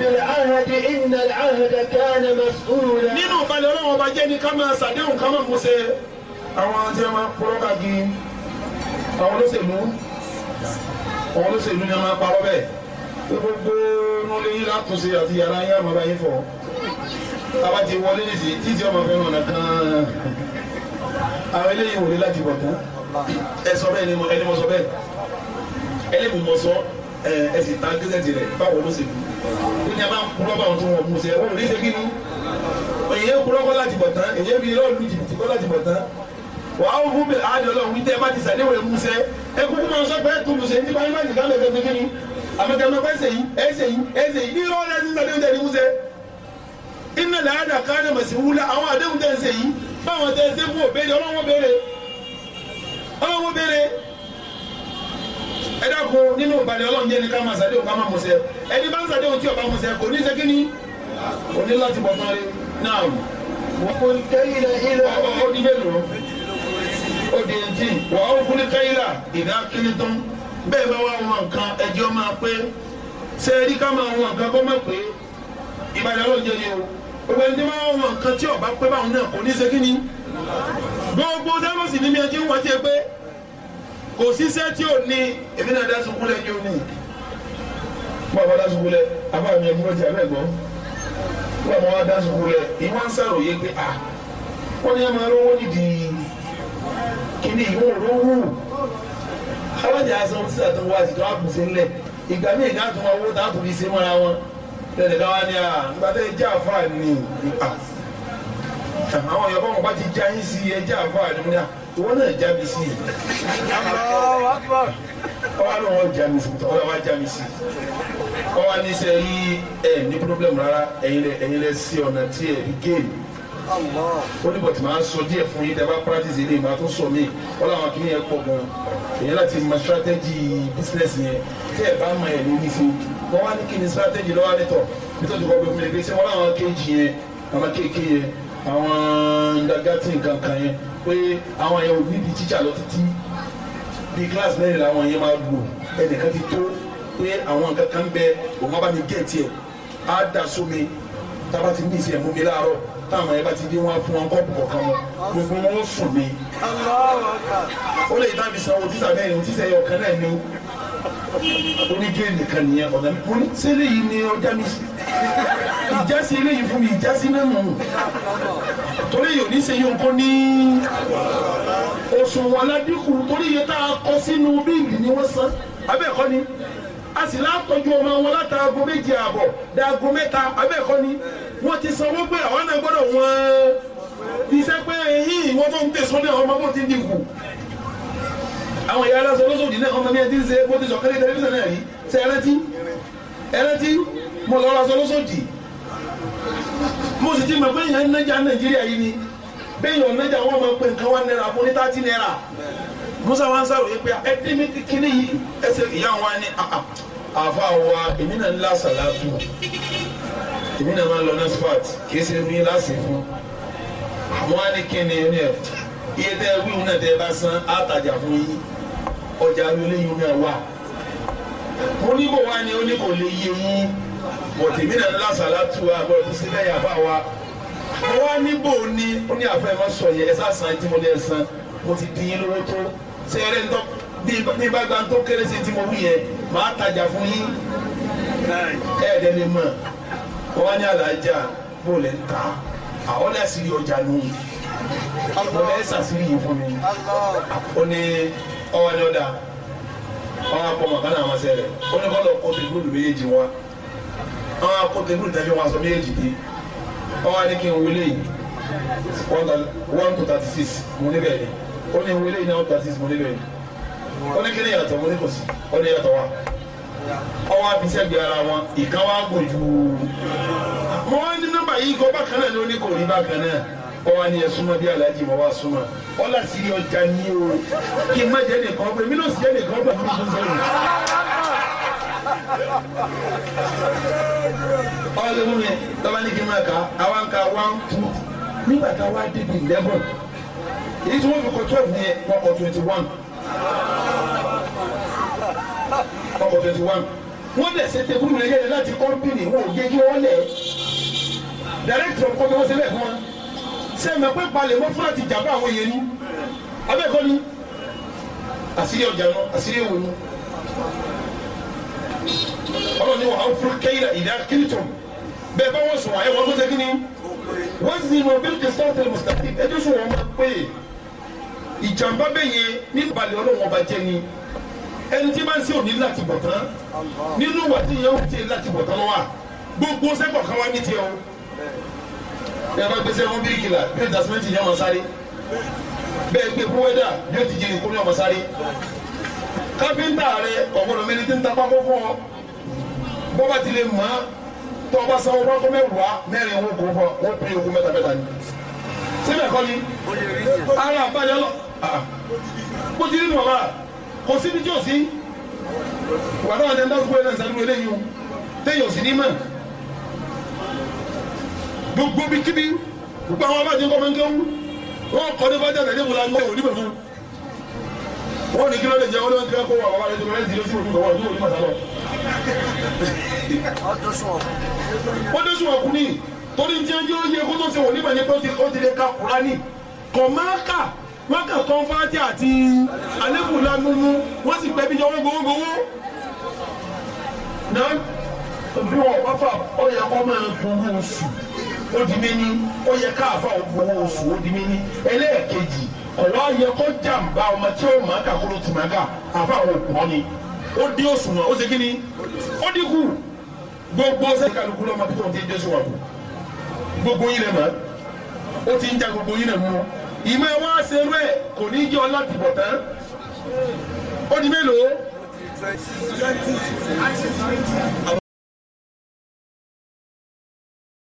بالعهد إن العهد كان مسؤولا. nínú ìbálẹ̀ ọlọ́run ọba jẹ́ ni ká máa ṣàdéhùn ká máa mú ṣe àwọn tí wọ́n máa ń pọ́n káàkiri àwọn olóṣèlú àwọn olóṣèlú ni wọ́n máa ń parọ́ bẹ́ẹ̀ gbogbo nulẹ̀ yìí látúnṣe àti yàrá yẹn àmọ́ báyìí fọ́ bàbá ti wọlé nìsí títí ọmọ fẹ́ mọ̀nà tán àwọn eléyìí wọlé láti bọ̀ tán ẹ sọ bẹ́ẹ̀ ẹni mọ sọ bẹ́ẹ̀ ẹlẹ́bùn mọ sọ ẹ sì ta gẹ́gẹ́dì rẹ̀ báwo ló ṣe kú ó ní a máa ń kúrọ́ báwọn tó wọ̀ mú sẹ́ wọ́n ṣe kí nu èyí ń kúrọ́ kọ́ láti bọ̀ tán èyí ń fi lọ́ọ̀lù jìbìtì kọ́ láti bọ̀ tán wà á fún bẹ́ẹ̀ àjọ lọ wí tẹ́ ẹ ti sàdéwò ẹ̀ musẹ́ ẹ kúkú máa sọ pé tó musẹ́ nípa ẹ má nìkan lè fẹ́ fi kí ni àmọ́kẹ́ ọmọ pẹ́ sẹ́yìn ẹ sẹ́yìn ẹ sẹ́yìn ní ìrọ̀lẹ́ sísàdéwò tẹ̀ ní musẹ́ iná làádà káàdà mọ̀ sí wúlá àwọn àdéhùn tẹ̀ ń ṣe yìí báwọn tẹ̀ ń ṣe fún òbéèrè ọlọ́wọ́ béèrè ọlọ́wọ́ béèrè ẹ dákun nínú ìbàlẹ̀ ọlọ́run jẹ́ ní ká máa ṣàdéhùn ká máa mọ̀ṣẹ́ ẹni bá ń ṣàdéhùn tí ọba mọ̀ṣẹ́ kò ní sẹ́kí kò ní láti bọ̀ fún ẹ náà wọ́n kò ní kẹ́yìnlẹ̀ ilẹ̀ ọ̀ọ́ ó di mélòó ó di ntí wà ó kú ní kẹ́yìnlá ìdá kíní tán bẹ́ẹ̀ bá wà wọn kan ẹjọ́ máa pé ṣé ká máa wọn kan kọ́ mọ̀ pé ìbàlẹ̀ ọlọ́run jẹ́ ni o gbogbo ẹni tí wọ́n wọ nǹkan tí ọba pé báwọn náà kò ní ṣe kí ni gbogbo sẹ́wọ́n sì ní bí ẹni tí wọ́n ti pé kò síṣẹ́ tí ò ní èmi náà dá sukulẹ̀ yóò ní bá wa dá sukulẹ̀ àbá mi ẹgbẹ́ ti abẹ́ gbọ́ bá wa dá sukulẹ̀ ìwọ́n ń sàròyé pé à wọ́n ní ẹ máa rówó nídìí kí ni ìwọ́n rówó alájà asan tí sàtọ́ wá àtijọ́ àkùnṣe ńlẹ̀ ìgbà míì ká tún owó tá a tún fi ṣe mọ́ra wọn tẹ̀lé káwá ni à nígbà tẹ̀ jẹ́ àfáà ni à àwọn èèyàn báwọn bá ti já yín sí ẹ jẹ́ àfáà ni à ìwọ náà já mi sí ọwọ́ àlọ́ wọn já mi sí i ọwọ́ àlọ́ já mi sí ọwọ́ àníṣe yìí ẹ̀ ní pírọ́blẹ̀mù rárá ẹ̀yin lẹ sí ọ̀nà tí ẹ̀ rí géèmù ó ní bọ̀tí máa sọ díẹ̀ fún yín tẹ́ bá practice ilé ìgbà tó sọ mí wọ́n làwọn kìíní yẹn pọ̀ gan èyí láti mọ strategy business yẹn tẹ́ ẹ̀ bá mọ ẹ̀ lórí fún wọ́n wá ní kí ni strategy lọ́wọ́ àlẹ́tọ̀ nítorí wọ́n gbé fún mi pé wọ́n làwọn kéèjì yẹn àwọn kéèké yẹn àwọn ndagati nǹkan yẹn pé àwọn yẹn ò níbi jíjà lọ títí bí class mẹ́rin làwọn yẹn máa gbò ẹnìkan ti tó pé àwọn nǹkan bẹ òun bá mi gẹ̀ẹ́tì ẹ̀ á dà táwọn ẹ bá ti dín wọn fún wọn kọ́pù kọ̀ọ̀kan wọn gbogbo wọn ó sùn mí. ó lè dá mi sanwó tíṣà bẹ́ẹ̀ ni tíṣà ẹ̀yọ̀ náà ni ó onídìí ẹnìkan nìyẹn ọ̀gá mi oní sẹ́lẹ̀ yìí ni ọjà mi sí ìjásí eléyìí fún mi ìjásí náà nù torí yóò ní sẹ́yìn nǹkan ní òṣùwọ̀n aládínkù torí iye tá a kọ sínú bíìlì ni wọ́n san abẹ́ẹ̀kọ́ ni a sì látọ́jú ọmọ wọn látàgọ́ méje àbọ̀ dàgọ́ mẹ́ta abẹ́ẹ̀kọ́ ni wọ́n ti sanwó pé àwọn náà gbọ́dọ̀ wọ́n iṣẹ́ pé yín ìwọ tó ń tẹ̀sán náà ọmọ wọn ti dín kù. àwọn ìyá aláṣọ olóṣòdì náà ọmọ mi ti ń ṣe bó ti sọ kẹ́lẹ́ tẹlifíṣàn náà rí ṣe ẹrántí ẹrántí mo lọ ra aṣọ olóṣòdì mo sì ti mọ̀ pé èèyàn nájà nàìjíríà yìí ni béèyàn nájà wọn máa ń pè nǹkan wá náírà fún ní tààtì náírà musa wa ń sàròyé pé ẹ mi kíní yìí ẹsẹ ìyá wa ni àfa wa èmi náà ń lá sàlátù èmi náà máa ń lọ náà spot kì í ṣe mí láti fún àwọn anìkíni ẹni ẹ iye tẹ wíwù náà tẹ bá san àtàjà fún yín ọjà lóléyìn náà wà mo ní wá ni ó ní kò lè yé yín mọ̀tèmí náà lásàlá tu wa àbọ̀ tó sílẹ̀ yàrá wa mo wá níbò ní ó ní àfẹ́ máa sọ yẹ ẹ sá san tí mo lè san mo ti dín in lówó tó ṣé ẹ rẹ ń tọ́ bí bá gbà ń tó kéré tí mo wí yẹ màá tajà fún yín ẹ̀ẹ́dẹ́ni mọ̀ wọ́n wá ní alájà bó ta àwọn lẹ́sìn yìí ọjà nù mo lẹ́ sàṣírí yìí fún mi ó ní ọwọ́ ni ó da wọ́n á pọ̀ kánà àwọn sẹ́rẹ̀ ó ní kọ́ lọ kó tẹ̀gbọ́n méjèèjì wa wọ́n á kó tẹ̀gbọ́n tẹ̀gbọ́n sọ méjèèjì dé wọ́n wá kí n wọlé yìí one to thirty six mo níbẹ̀ ni ó ní wọlé yìí ní thirty six mo níbẹ̀ ni ó ní kí ni yàtọ̀ mo ní kò sí ó ní yàtọ̀ wa ọwọ́ abisẹ́ bí ara wọn ìkan wá gùn jù ú. mo ní nọ́mbà yìí kó bákan náà ló ní bákan náà ọwọ́ ni ẹ bí aláàjì mọ́ wá súnmọ́ ọlá sì rí ọjà ní o kí má jẹ́ nìkan ọgbẹ́ mi náà sì jẹ́ nìkan ọgbẹ́ mi tún sẹ́yìn. ọlọ́ mú mi lọ́ba ní kí n máa kà á wá ń ka nígbà tá a wá débi eleven èyí tí wọ́n fi kọ́ twelve ní ẹ̀ wọ́n kọ́ twenty one àkọ́kọ́ twenty one wọ́n dẹ̀ ṣe tebúrú rẹ̀ yẹlẹ láti kọ́ńpìnì wọn ò yẹ kí wọ́n lẹ̀ director kọ́ bí wọ́n ṣe lẹ̀ fún wọn sẹ́mi pé palẹ̀ wọ́n fúnra ti jàmbá àwọn yẹn ni abẹ́ẹ̀kọ́ ni àṣírí ọjà náà àṣírí èwo ni ọlọ́ni wà áwọn fún kẹ́yìrà ìdá kìlítọ̀m bẹ́ẹ̀ bá wọ́n sùn wáyé wọ́n tó ṣe kí ni wọ́n sì ní ọbẹ̀ kìsọ́ọ̀tì mùsùlùmí ẹjọ́ sùn wọn máa pè é ìjàmbá bẹ́ẹ̀ yẹ nígbàlẹ̀ ọlọ́wọ́n ọba jẹ́ ni ẹni tí máa ń ṣe òní láti bọ̀ tán nínú wà tí ìyẹn ó ti láti bọ̀ tán wà gbogbo sẹ́kọ̀ kan wá ní tiẹ̀ o ẹ bá gbèsè wọn bí kìlà bí ìdásímẹ́ntì yẹn wọn sáré bẹ́ẹ̀ gbé fún wẹ́dà yóò ti jẹ́ ìkúnlẹ̀ wọn sáré kápẹ́ńtà rẹ ọ̀gbọ́dọ̀ mẹ́rin tí ń ta pákó fún ọ bọ́ba ti lè mọ́ tọ́ba sanwó pákó mẹ́wàá mẹ́rin owó kò fọ wọ́n pè é okun mẹ́ta mẹ́ta ni síbẹ̀ kọ́ ni ara àbájá lọ bó ah, ti rí nù ọ̀la kò síbi tí ò sí wàdà wọn dẹ́ndá gbogbo ẹ̀dá ìsàdúró eléyìí o téyì ò sí ní mọ̀ gbogbo bí kíbi gbogbo àwọn ọba àdínkọ́ máa ń kéwú wọn kọ́ ní bájà tẹ̀lé wùlá ń gbé òní pẹ̀lú wọn ní kí ló lè jẹ olóhùn tí wọn kó wà wà lẹ́yìn tó lẹ́yìn tí ló sùn òkú wọn tó wọn pàtàkì. wọ́n dé sùn ọ̀kú ní torí tí wọ́n yé kó tó ṣe wọ̀ nígbà yẹn pé ó ti lè ka Kùránì kọ̀ máa kà wọ́n kàn kọ́ fáti àti alẹ́kùn lámúmú wọ́n sì pẹ́ bí jọ wọ́n gbowó gbowó. náà bí wọ́n bá fà ó yẹ kó máa gbowó oṣù ó di mí ní ó yẹ káàfà ó gbowó oṣù ó di mí ní ẹlẹ́ẹ̀kejì ọ̀wá yẹ kó jàǹbá ọmọ tí ó máa kàkóró tìmágà àfà ó pọ̀ ni ó dín òṣùwọ̀n ó ṣe kí ni ó dínkù gbogbo ṣe kálukú lọ́mọ tó ń ti jésù wà kù gbogbo yín lẹ́ mọ́ ó ti ń ja gbogbo yín lẹ́ mọ́ ìmọ̀ wa ṣerú ẹ̀ kò ní jẹ́ ọlọ́tì bọ̀ tán ó di mélòó.